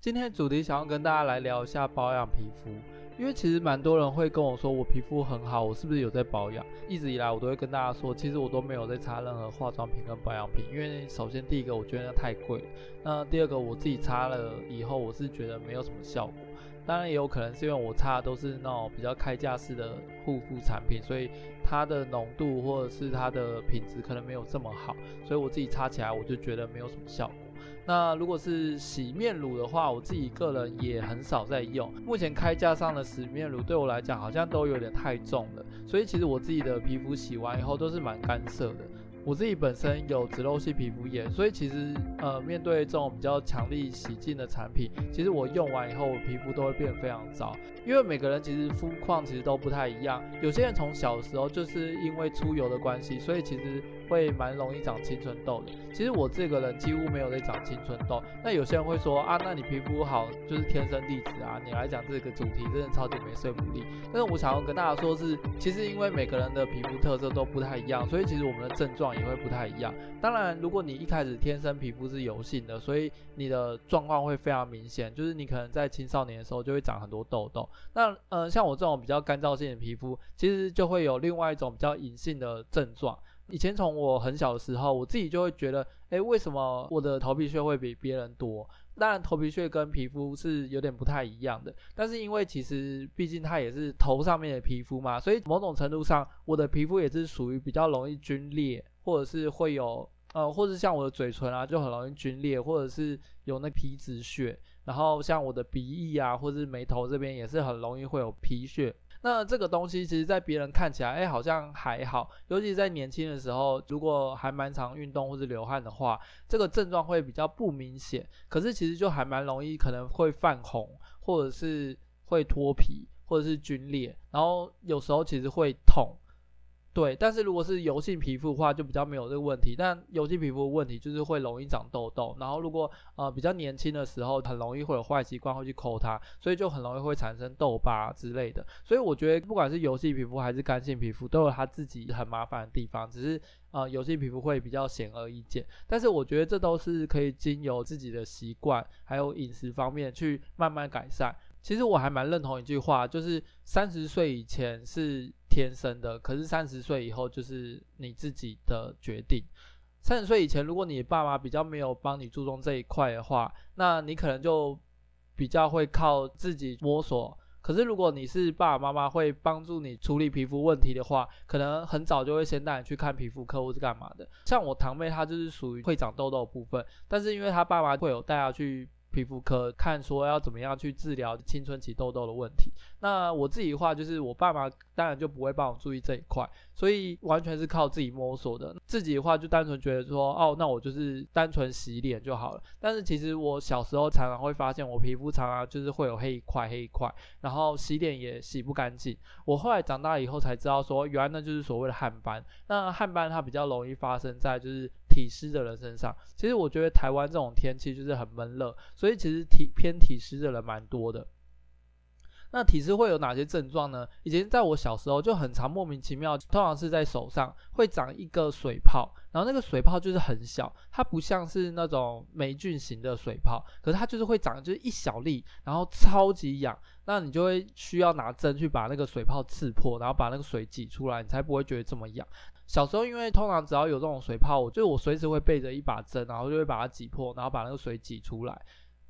今天主題想要跟大家來聊一下保養皮膚。因為其實蠻多人會跟我說，我皮膚很好，我是不是有在保養？一直以來我都會跟大家說，其實我都沒有在擦任何化妝品跟保養品。因為首先第一個，我覺得那太貴；那第二個，我自己擦了以後，我是覺得沒有什麼效果。當然也有可能是因為我擦的都是那種比較開架式的護膚產品，所以它的濃度或者是它的品質可能沒有這麼好，所以我自己擦起來我就覺得沒有什麼效果。那如果是洗面乳的話，我自己個人也很少在用。目前開架上的洗面乳對我來講好像都有點太重了，所以其實我自己的皮膚洗完以後都是蠻乾澀的。我自己本身有脂漏性皮膚炎，所以其實呃，面對這種比較強力洗淨的產品，其實我用完以後我皮膚都會變得非常糟。因為每個人其實膚況其實都不太一樣，有些人從小的時候就是因為出油的關係，所以其實。會蠻容易長青春痘的。其實我這個人幾乎沒有在長青春痘。那有些人會說啊，那你皮膚好就是天生麗質啊。你來講這個主題，真的超級沒說服力。但是我想要跟大家說的是，是其實因為每個人的皮膚特色都不太一樣，所以其實我們的症狀也會不太一樣。當然，如果你一開始天生皮膚是油性的，所以你的狀況會非常明顯，就是你可能在青少年的時候就會長很多痘痘。那嗯、呃，像我這種比較乾燥性的皮膚，其實就會有另外一種比較隱性的症狀。以前從我很小的時候，我自己就會覺得，哎，為什麼我的頭皮屑會比別人多？當然，頭皮屑跟皮膚是有點不太一樣的，但是因為其實畢竟它也是頭上面的皮膚嘛，所以某種程度上，我的皮膚也是屬於比較容易皸裂，或者是會有呃，或者像我的嘴唇啊，就很容易皸裂，或者是有那皮脂屑，然後像我的鼻翼啊，或者是眉頭這邊也是很容易會有皮屑。那這個東西，其實，在別人看起來，哎，好像還好。尤其在年輕的時候，如果還蠻常運動或者流汗的話，這個症狀會比較不明顯。可是其實就還蠻容易，可能會泛紅，或者是會脫皮，或者是皸裂，然後有時候其實會痛。對，但是如果是油性皮膚的話，就比較沒有這個問題。但油性皮膚的問題就是會容易長痘痘，然後如果呃比較年輕的時候，很容易會有壞習慣會去摳它，所以就很容易會產生痘疤之類的。所以我覺得不管是油性皮膚還是乾性皮膚，都有它自己很麻煩的地方，只是呃油性皮膚會比較顯而易見。但是我覺得這都是可以經由自己的習慣還有飲食方面去慢慢改善。其實我還蠻認同一句話，就是三十歲以前是。天生的，可是三十歲以後就是你自己的決定。三十歲以前，如果你爸媽比較沒有幫你注重這一塊的話，那你可能就比較會靠自己摸索。可是如果你是爸爸媽媽會幫助你處理皮膚問題的話，可能很早就會先帶你去看皮膚科或是幹嘛的。像我堂妹，她就是屬於會長痘痘的部分，但是因為她爸媽會有帶她去。皮膚科看說要怎麼樣去治療青春期痘痘的問題。那我自己的話，就是我爸媽當然就不會幫我注意這一塊，所以完全是靠自己摸索的。自己的話就單純覺得說，哦，那我就是單純洗臉就好了。但是其實我小時候常常會發現，我皮膚常常就是會有黑一塊黑一塊，然後洗臉也洗不乾淨。我後來長大以後才知道說，原來那就是所謂的汗斑。那汗斑它比較容易發生在就是。體濕的人身上，其實我覺得台灣這種天氣就是很悶熱，所以其實體偏體濕的人蠻多的。那體濕會有哪些症狀呢？以前在我小時候就很常莫名其妙，通常是在手上會長一個水泡，然後那個水泡就是很小，它不像是那種黴菌型的水泡，可是它就是會長就是一小粒，然後超級癢，那你就會需要拿針去把那個水泡刺破，然後把那個水擠出來，你才不會覺得這麼癢。小時候，因為通常只要有這種水泡，我就我隨時會背着一把針，然後就會把它擠破，然後把那個水擠出來。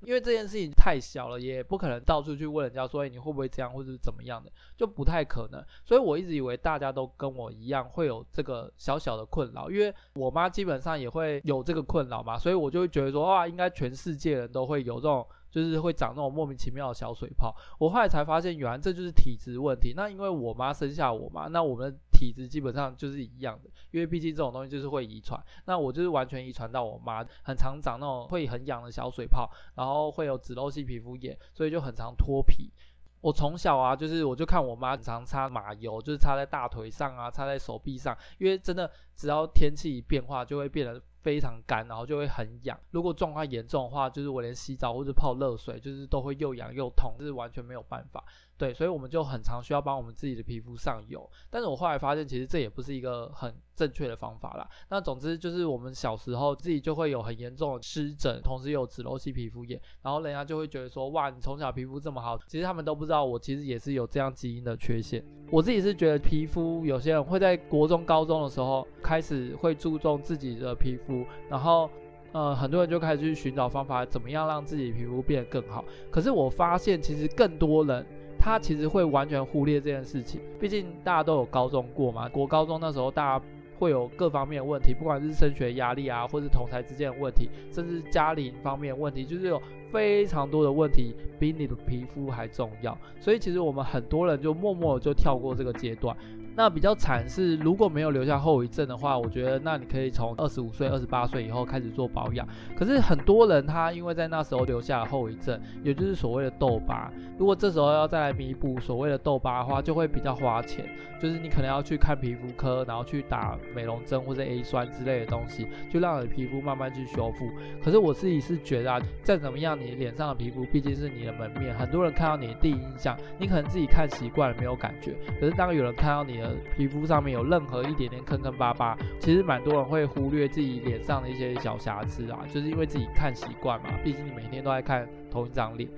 因為這件事情太小了，也不可能到處去問人家說你會不會這樣或者是怎麼樣的，就不太可能。所以我一直以為大家都跟我一樣會有這個小小的困擾，因為我媽基本上也會有這個困擾嘛，所以我就會覺得說哇，應該全世界人都會有這種。就是會長那種莫名其妙的小水泡，我後來才發現，原來這就是體質問題。那因為我媽生下我嘛，那我們的體質基本上就是一樣的，因為畢竟這種東西就是會遺傳。那我就是完全遺傳到我媽，很常長那種會很癢的小水泡，然後會有脂漏性皮膚炎，所以就很常脫皮。我從小啊，就是我就看我媽很常擦馬油，就是擦在大腿上啊，擦在手臂上，因為真的只要天氣一變化，就會變得。非常乾，然後就會很癢。如果狀況嚴重的話，就是我連洗澡或者泡熱水，就是都會又癢又痛，這、就是完全沒有辦法。對，所以我們就很常需要幫我們自己的皮膚上油。但是我後來發現，其實這也不是一個很正確的方法啦。那總之就是，我們小時候自己就會有很嚴重的濕疹，同時又有脂漏性皮膚炎。然後人家就會覺得說，哇，你從小皮膚這麼好，其實他們都不知道我其實也是有這樣基因的缺陷。我自己是覺得皮膚，有些人會在國中高中的時候開始會注重自己的皮膚。然後，呃，很多人就開始去尋找方法，怎麼樣讓自己皮膚變得更好。可是我發現，其實更多人他其實會完全忽略這件事情。畢竟大家都有高中過嘛，國高中那時候大家會有各方面的問題，不管是升學壓力啊，或是同儕之間的問題，甚至家庭方面的問題，就是有非常多的問題比你的皮膚還重要。所以其實我們很多人就默默就跳過這個階段。那比較慘是，如果沒有留下後遺症的話，我覺得那你可以從二十五歲、二十八歲以後開始做保養。可是很多人他因為在那時候留下了後遺症，也就是所謂的痘疤。如果這時候要再來彌補所謂的痘疤的話，就會比較花錢。就是你可能要去看皮膚科，然後去打美容針或者 A 酸之類的東西，就讓你的皮膚慢慢去修復。可是我自己是覺得啊，再怎麼樣，你臉上的皮膚畢竟是你的門面，很多人看到你的第一印象，你可能自己看習慣了沒有感覺，可是當有人看到你的。皮膚上面有任何一點點坑坑巴巴，其實蠻多人會忽略自己臉上的一些小瑕疵啊，就是因為自己看習慣嘛。畢竟你每天都在看同一張臉，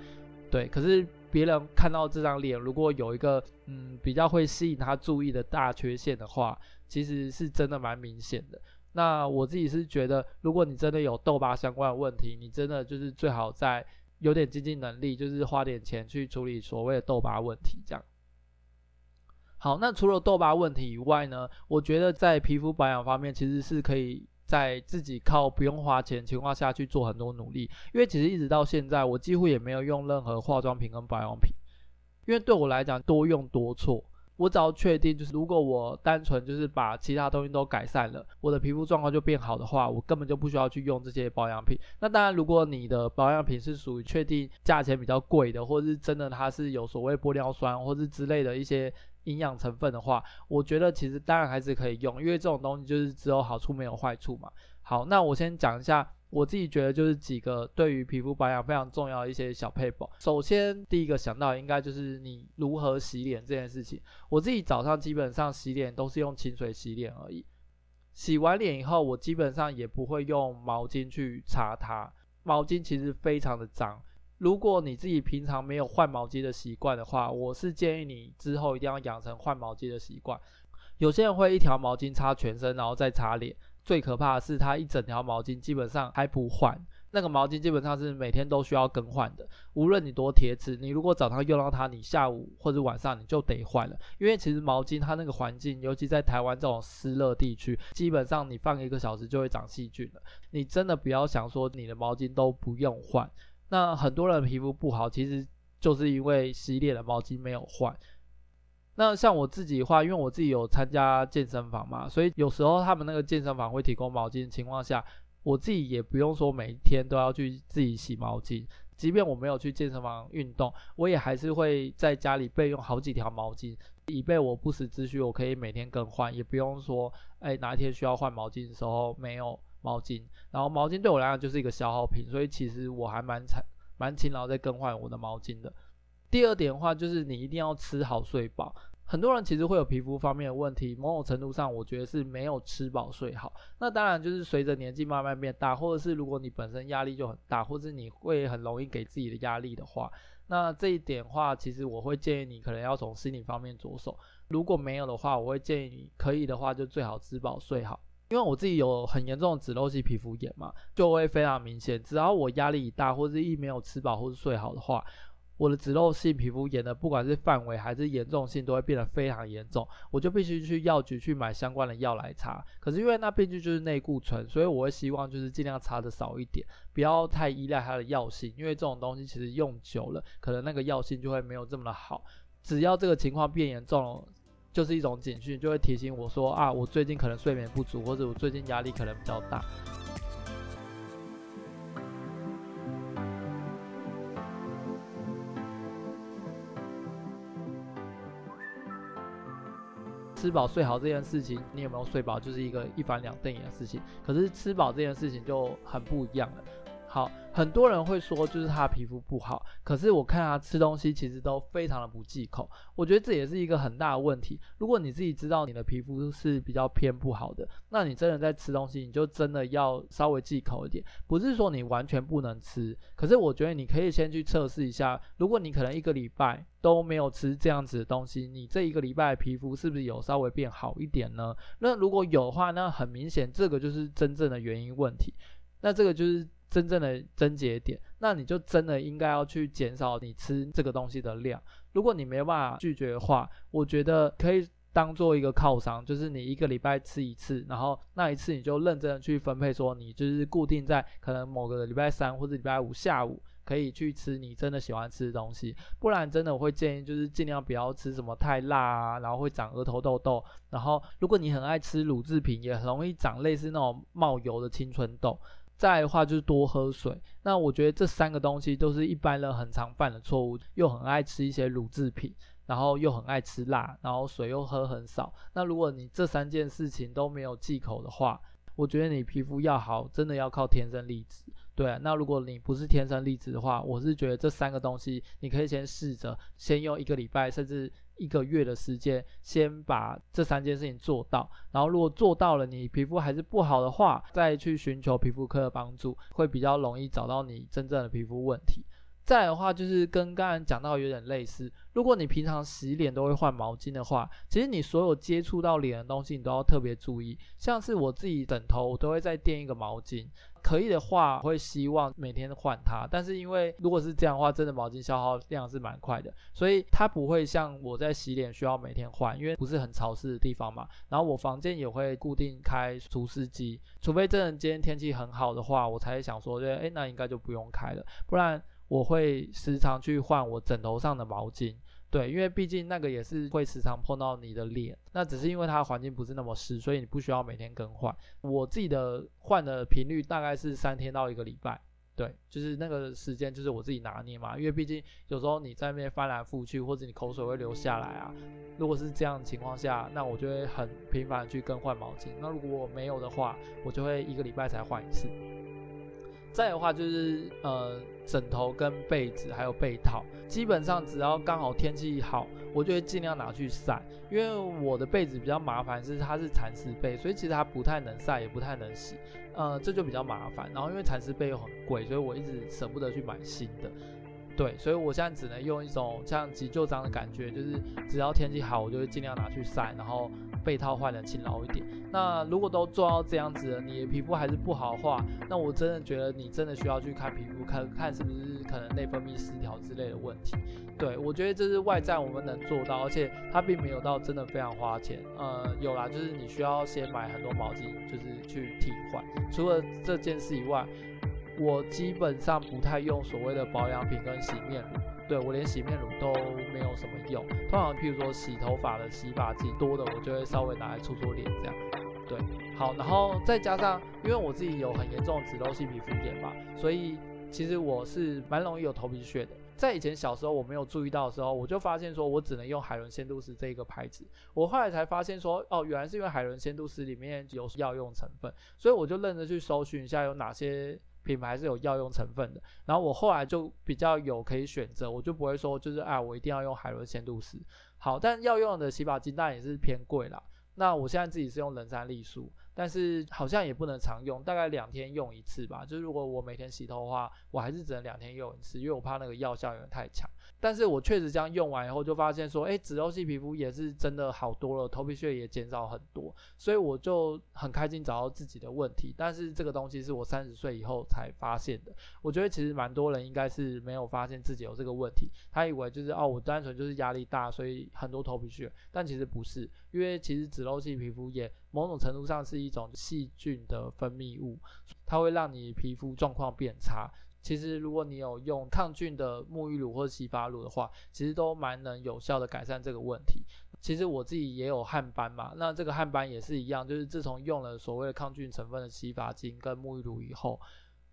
對。可是別人看到這張臉，如果有一個嗯比較會吸引他注意的大缺陷的話，其實是真的蠻明顯的。那我自己是覺得，如果你真的有痘疤相關的問題，你真的就是最好在有點經濟能力，就是花點錢去處理所謂的痘疤問題，這樣。好，那除了痘疤問題以外呢？我覺得在皮膚保養方面，其實是可以在自己靠不用花錢情況下去做很多努力。因為其實一直到現在，我幾乎也沒有用任何化妝品跟保養品。因為對我來講，多用多錯。我只要確定，就是如果我單純就是把其他東西都改善了，我的皮膚狀況就變好的話，我根本就不需要去用這些保養品。那當然，如果你的保養品是屬於確定價錢比較貴的，或者是真的它是有所謂玻尿酸或是之類的一些。營養成分的話，我覺得其實當然還是可以用，因為這種東西就是只有好處沒有壞處嘛。好，那我先講一下我自己覺得就是幾個對於皮膚保養非常重要的一些小配方。首先，第一個想到應該就是你如何洗臉這件事情。我自己早上基本上洗臉都是用清水洗臉而已，洗完臉以後我基本上也不會用毛巾去擦它。毛巾其實非常的髒。如果你自己平常沒有換毛巾的習慣的話，我是建議你之後一定要養成換毛巾的習慣。有些人會一條毛巾擦全身，然後再擦臉。最可怕的是，他一整條毛巾基本上還不換，那個毛巾基本上是每天都需要更換的。無論你多鐵齒，你如果早上用到它，你下午或者晚上你就得換了，因為其實毛巾它那個環境，尤其在台灣這種濕熱地區，基本上你放一個小時就會長細菌了。你真的不要想說你的毛巾都不用換。那很多人皮膚不好，其實就是因為洗臉的毛巾沒有換。那像我自己的話，因為我自己有參加健身房嘛，所以有時候他們那個健身房會提供毛巾的情況下，我自己也不用說每一天都要去自己洗毛巾。即便我沒有去健身房運動，我也還是會在家裡備用好幾條毛巾，以備我不時之需。我可以每天更換，也不用說，哎，哪一天需要換毛巾的時候，沒有。毛巾，然後毛巾對我來講就是一個消耗品，所以其實我還蠻勤蠻勤勞在更換我的毛巾的。第二點的話，就是你一定要吃好睡飽。很多人其實會有皮膚方面的問題，某種程度上我覺得是沒有吃飽睡好。那當然就是隨着年紀慢慢變大，或者是如果你本身壓力就很大，或者是你會很容易給自己的壓力的話，那這一點的話，其實我會建議你可能要從心理方面着手。如果沒有的話，我會建議你可以的話就最好吃飽睡好。因為我自己有很嚴重的脂漏性皮膚炎嘛，就會非常明顯。只要我壓力一大，或者一沒有吃飽，或是睡好的話，我的脂漏性皮膚炎的不管是範圍還是嚴重性都會變得非常嚴重。我就必須去藥局去買相關的藥來擦。可是因為那畢竟就是類固醇，所以我會希望就是盡量擦得少一點，不要太依賴它的藥性。因為這種東西其實用久了，可能那個藥性就會沒有這麼的好。只要這個情況變嚴重了，就是一種警訊，就會提醒我說啊，我最近可能睡眠不足，或者我最近壓力可能比較大。吃飽睡好這件事情，你有沒有睡飽，就是一個一翻兩瞪眼的事情。可是吃飽這件事情就很不一樣了。好，很多人會說，就是他皮膚不好，可是我看他吃東西其實都非常的不忌口，我覺得這也是一個很大的問題。如果你自己知道你的皮膚是比較偏不好的，那你真的在吃東西，你就真的要稍微忌口一點，不是說你完全不能吃。可是我覺得你可以先去測試一下，如果你可能一個禮拜都沒有吃這樣子的東西，你這一個禮拜的皮膚是不是有稍微變好一點呢？那如果有的話，那很明顯這個就是真正的原因問題，那這個就是。真正的癥結點，那你就真的應該要去減少你吃這個東西的量。如果你沒辦法拒絕的話，我覺得可以當做一個犒賞，就是你一個禮拜吃一次，然後那一次你就認真的去分配，說你就是固定在可能某個禮拜三或者禮拜五下午可以去吃你真的喜歡吃的東西。不然真的我會建議就是盡量不要吃什麼太辣啊，然後會長額頭痘痘。然後如果你很愛吃乳製品，也很容易長類似那種冒油的青春痘。再來的話就是多喝水。那我覺得這三個東西都是一般人很常犯的錯誤，又很愛吃一些乳制品，然後又很愛吃辣，然後水又喝很少。那如果你這三件事情都沒有忌口的話，我覺得你皮膚要好，真的要靠天生麗質。對啊，那如果你不是天生麗質的話，我是覺得這三個東西你可以先試着先用一個禮拜，甚至。一個月的時間，先把這三件事情做到，然後如果做到了，你皮膚還是不好的話，再去尋求皮膚科的幫助，會比較容易找到你真正的皮膚問題。再來的話就是跟剛才講到有點類似，如果你平常洗臉都會換毛巾的話，其實你所有接觸到臉的東西，你都要特別注意。像是我自己枕頭，我都會再墊一個毛巾。可以的話，我會希望每天換它，但是因為如果是這樣的話，真的毛巾消耗量是蠻快的，所以它不會像我在洗臉需要每天換，因為不是很潮濕的地方嘛。然後我房間也會固定開除濕機，除非真的今天天氣很好的話，我才會想說，哎，那應該就不用開了，不然我會時常去換我枕頭上的毛巾。對，因為畢竟那個也是會時常碰到你的臉，那只是因為它環境不是那麼濕，所以你不需要每天更換。我自己的換的頻率大概是三天到一個禮拜，對，就是那個時間就是我自己拿捏嘛。因為畢竟有時候你在那邊翻來覆去，或者你口水會流下來啊，如果是這樣的情況下，那我就會很頻繁去更換毛巾。那如果我沒有的話，我就會一個禮拜才換一次。再的話就是，呃，枕頭跟被子還有被套，基本上只要剛好天氣好，我就會盡量拿去曬。因為我的被子比較麻煩，是它是蠶絲被，所以其實它不太能曬，也不太能洗，呃，這就比較麻煩。然後因為蠶絲被又很貴，所以我一直捨不得去買新的。對，所以我現在只能用一種像急救章的感覺，就是只要天氣好，我就會盡量拿去曬，然後。被套換的勤勞一點。那如果都做到這樣子了，你的皮膚還是不好的話，那我真的覺得你真的需要去看皮膚，看看是不是可能內分泌失調之類的問題。對，我覺得這是外在我們能做到，而且它並沒有到真的非常花錢。呃，有啦，就是你需要先買很多毛巾，就是去替換。除了這件事以外。我基本上不太用所謂的保養品跟洗面乳，對我連洗面乳都沒有什麼用。通常譬如說洗頭髮的洗髮劑多的，我就會稍微拿來搓搓臉這樣。對，好，然後再加上，因為我自己有很嚴重的脂漏性皮膚炎嘛，所以其實我是蠻容易有頭皮屑的。在以前小時候我沒有注意到的時候，我就發現說我只能用海倫仙度絲這一個牌子。我後來才發現說，哦，原來是因為海倫仙度絲裡面有藥用成分，所以我就認真去搜尋一下有哪些，品牌是有藥用成分的，然後我後來就比較有可以選擇，我就不會說就是哎，我一定要用海倫仙度絲。好，但藥用的洗髮精當然也是偏貴啦。那我現在自己是用仁山利舒。但是好像也不能常用，大概兩天用一次吧。就如果我每天洗頭的話，我還是只能兩天用一次，因為我怕那個藥效有點太強。但是我確實這樣用完以後，就發現說，誒，脂漏性皮膚也是真的好多了，頭皮屑也減少很多，所以我就很開心找到自己的問題。但是這個東西是我三十歲以後才發現的。我覺得其實蠻多人應該是沒有發現自己有這個問題，他以為就是哦，我單純就是壓力大，所以很多頭皮屑，但其實不是，因為其實脂漏性皮膚也。某種程度上是一種細菌的分泌物，它會讓你皮膚狀況變差。其實，如果你有用抗菌的沐浴乳或洗髮露的話，其實都蠻能有效的改善這個問題。其實我自己也有汗斑嘛，那這個汗斑也是一樣，就是自從用了所謂的抗菌成分的洗髮精跟沐浴乳以後。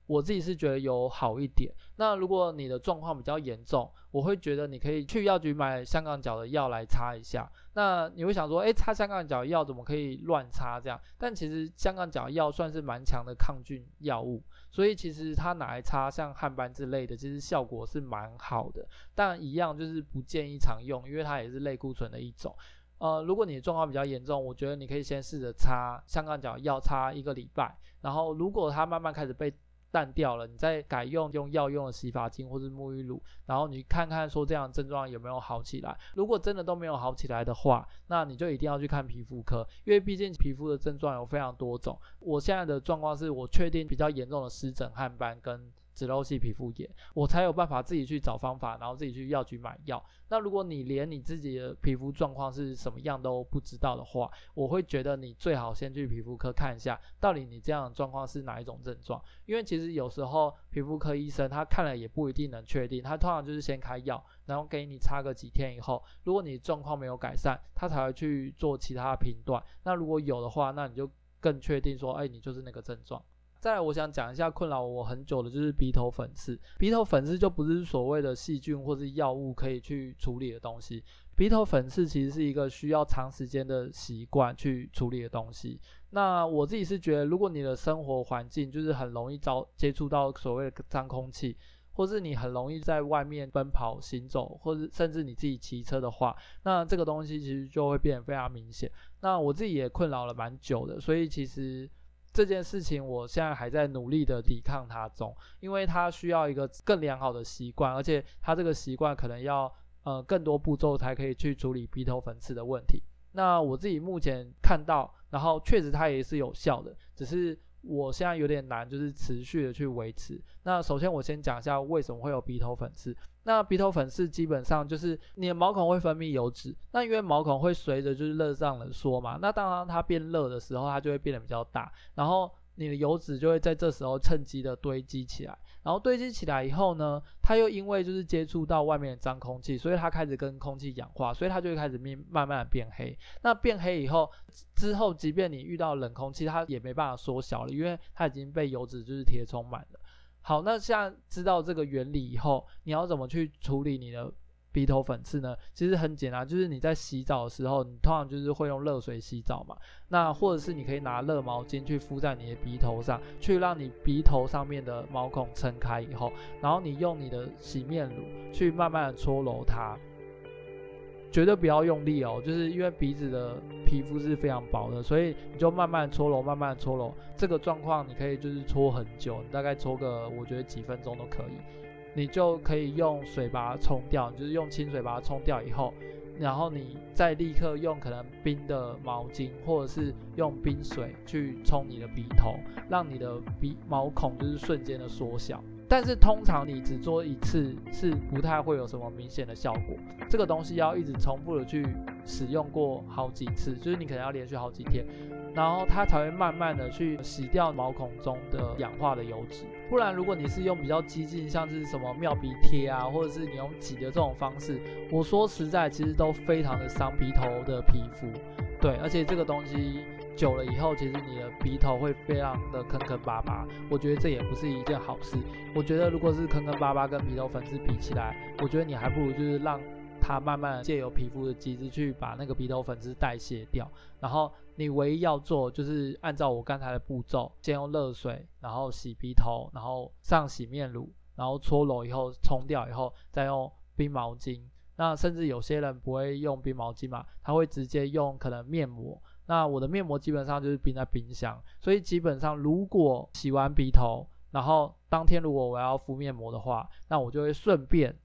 我自己是覺得有好一點。那如果你的狀況比較嚴重，我會覺得你可以去藥局買香港腳的藥來擦一下。那你會想說，誒、欸，擦香港腳藥怎麼可以亂擦這樣？但其實香港腳藥算是蠻強的抗菌藥物，所以其實它拿來擦像汗斑之類的，其實效果是蠻好的。但一樣就是不建議常用，因為它也是類固醇的一種。呃，如果你的狀況比較嚴重，我覺得你可以先試着擦香港腳藥，擦一個禮拜，然後如果它慢慢開始被淡掉了，你再改用用藥用的洗髮精或者沐浴露，然後你看看說這樣的症狀有沒有好起來。如果真的都沒有好起來的話，那你就一定要去看皮膚科，因為畢竟皮膚的症狀有非常多種。我現在的狀況是我確定比較嚴重的濕疹、汗斑跟脂漏性皮膚炎，我才有辦法自己去找方法，然後自己去藥局買藥。那如果你連你自己的皮膚狀況是什麼樣都不知道的話，我會覺得你最好先去皮膚科看一下，到底你這樣的狀況是哪一種症狀。因為其實有時候皮膚科醫生他看了也不一定能確定，他通常就是先開藥，然後給你擦個幾天以後，如果你狀況沒有改善，他才會去做其他的評斷。那如果有的話，那你就更確定說，哎，你就是那個症狀。再來，我想講一下困擾我很久的，就是鼻頭粉刺。鼻頭粉刺就不是所謂的細菌或是藥物可以去處理的東西。鼻頭粉刺其實是一個需要長時間的習慣去處理的東西。那我自己是覺得，如果你的生活環境就是很容易遭接觸到所謂的髒空氣，或是你很容易在外面奔跑行走，或者甚至你自己騎車的話，那這個東西其實就會變得非常明顯。那我自己也困擾了蠻久的，所以其實。這件事情，我現在還在努力的抵抗它中，因為它需要一個更良好的習慣，而且它這個習慣可能要呃更多步驟才可以去處理鼻頭粉刺的問題。那我自己目前看到，然後確實它也是有效的，只是。我現在有點難，就是持續的去維持。那首先我先講一下為什麼會有鼻頭粉刺。那鼻頭粉刺基本上就是你的毛孔會分泌油脂，那因為毛孔會隨着就是熱脹冷縮嘛，那當然它變熱的時候它就會變得比較大，然後。你的油脂就會在這時候趁機的堆積起來，然後堆積起來以後呢，它又因為就是接觸到外面的髒空氣，所以它開始跟空氣氧化，所以它就會開始慢慢的變黑。那變黑以後之後，即便你遇到冷空氣，它也沒辦法縮小了，因為它已經被油脂就是填充滿了。好，那現在知道這個原理以後，你要怎麼去處理你的？鼻頭粉刺呢，其實很簡單，就是你在洗澡的時候，你通常就是會用熱水洗澡嘛，那或者是你可以拿熱毛巾去敷在你的鼻頭上，去讓你鼻頭上面的毛孔撐開以後，然後你用你的洗面乳去慢慢的搓揉它，絕對不要用力哦，就是因為鼻子的皮膚是非常薄的，所以你就慢慢搓揉，慢慢的搓揉，這個狀況你可以就是搓很久，你大概搓個我覺得幾分鐘都可以。你就可以用水把它沖掉，就是用清水把它沖掉以後，然後你再立刻用可能冰的毛巾或者是用冰水去沖你的鼻頭，讓你的鼻毛孔就是瞬間的縮小。但是通常你只做一次是不太會有什麼明顯的效果，這個東西要一直重複的去使用過好幾次，就是你可能要連續好幾天，然後它才會慢慢的去洗掉毛孔中的氧化的油脂。不然如果你是用比較激進，像是什麼妙鼻貼啊，或者是你用擠的這種方式，我說實在其實都非常的傷鼻頭的皮膚，對，而且這個東西。久了以後，其實你的鼻頭會非常的坑坑巴巴，我覺得這也不是一件好事。我覺得如果是坑坑巴巴跟鼻頭粉刺比起來，我覺得你還不如就是讓它慢慢借由皮膚的機制去把那個鼻頭粉刺代謝掉。然後你唯一要做就是按照我剛才的步驟，先用熱水，然後洗鼻頭，然後上洗面乳，然後搓揉以後沖掉以後，再用冰毛巾。那甚至有些人不會用冰毛巾嘛，他會直接用可能面膜。那我的面膜基本上就是冰在冰箱，所以基本上如果洗完鼻頭，然後當天如果我要敷面膜的話，那我就會順便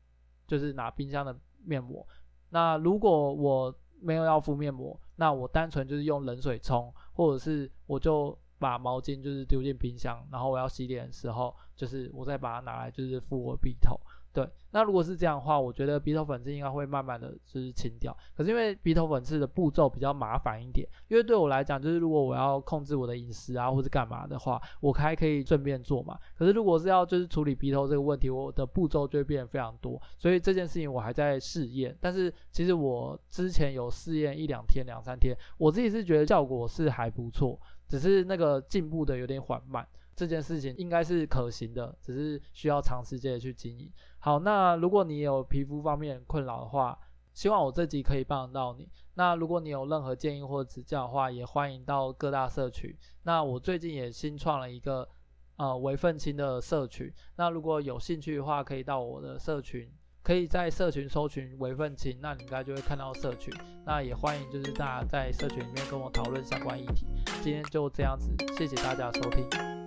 就是拿冰箱的面膜。那如果我沒有要敷面膜，那我單純就是用冷水沖，或者是我就把毛巾就是丟進冰箱，然後我要洗臉的時候，就是我再把它拿來就是敷我鼻頭。對，那如果是這樣的話，我覺得鼻頭粉刺應該會慢慢的就是清掉。可是因為鼻頭粉刺的步驟比較麻煩一點，因為對我來講，就是如果我要控制我的飲食啊，或是幹嘛的話，我還可以順便做嘛。可是如果是要就是處理鼻頭這個問題，我的步驟就會變得非常多，所以這件事情我還在試驗。但是其實我之前有試驗一兩天，兩三天，我自己是覺得效果是還不錯，只是那個進步的有點緩慢。這件事情應該是可行的，只是需要長時間的去經營。好，那如果你有皮膚方面困擾的話，希望我這集可以幫得到你。那如果你有任何建議或指教的話，也歡迎到各大社群。那我最近也新創了一個呃微奮青的社群，那如果有興趣的話，可以到我的社群，可以在社群搜尋微奮青，那你應該就會看到社群。那也歡迎就是大家在社群裡面跟我討論相關議題。今天就這樣子，謝謝大家收聽。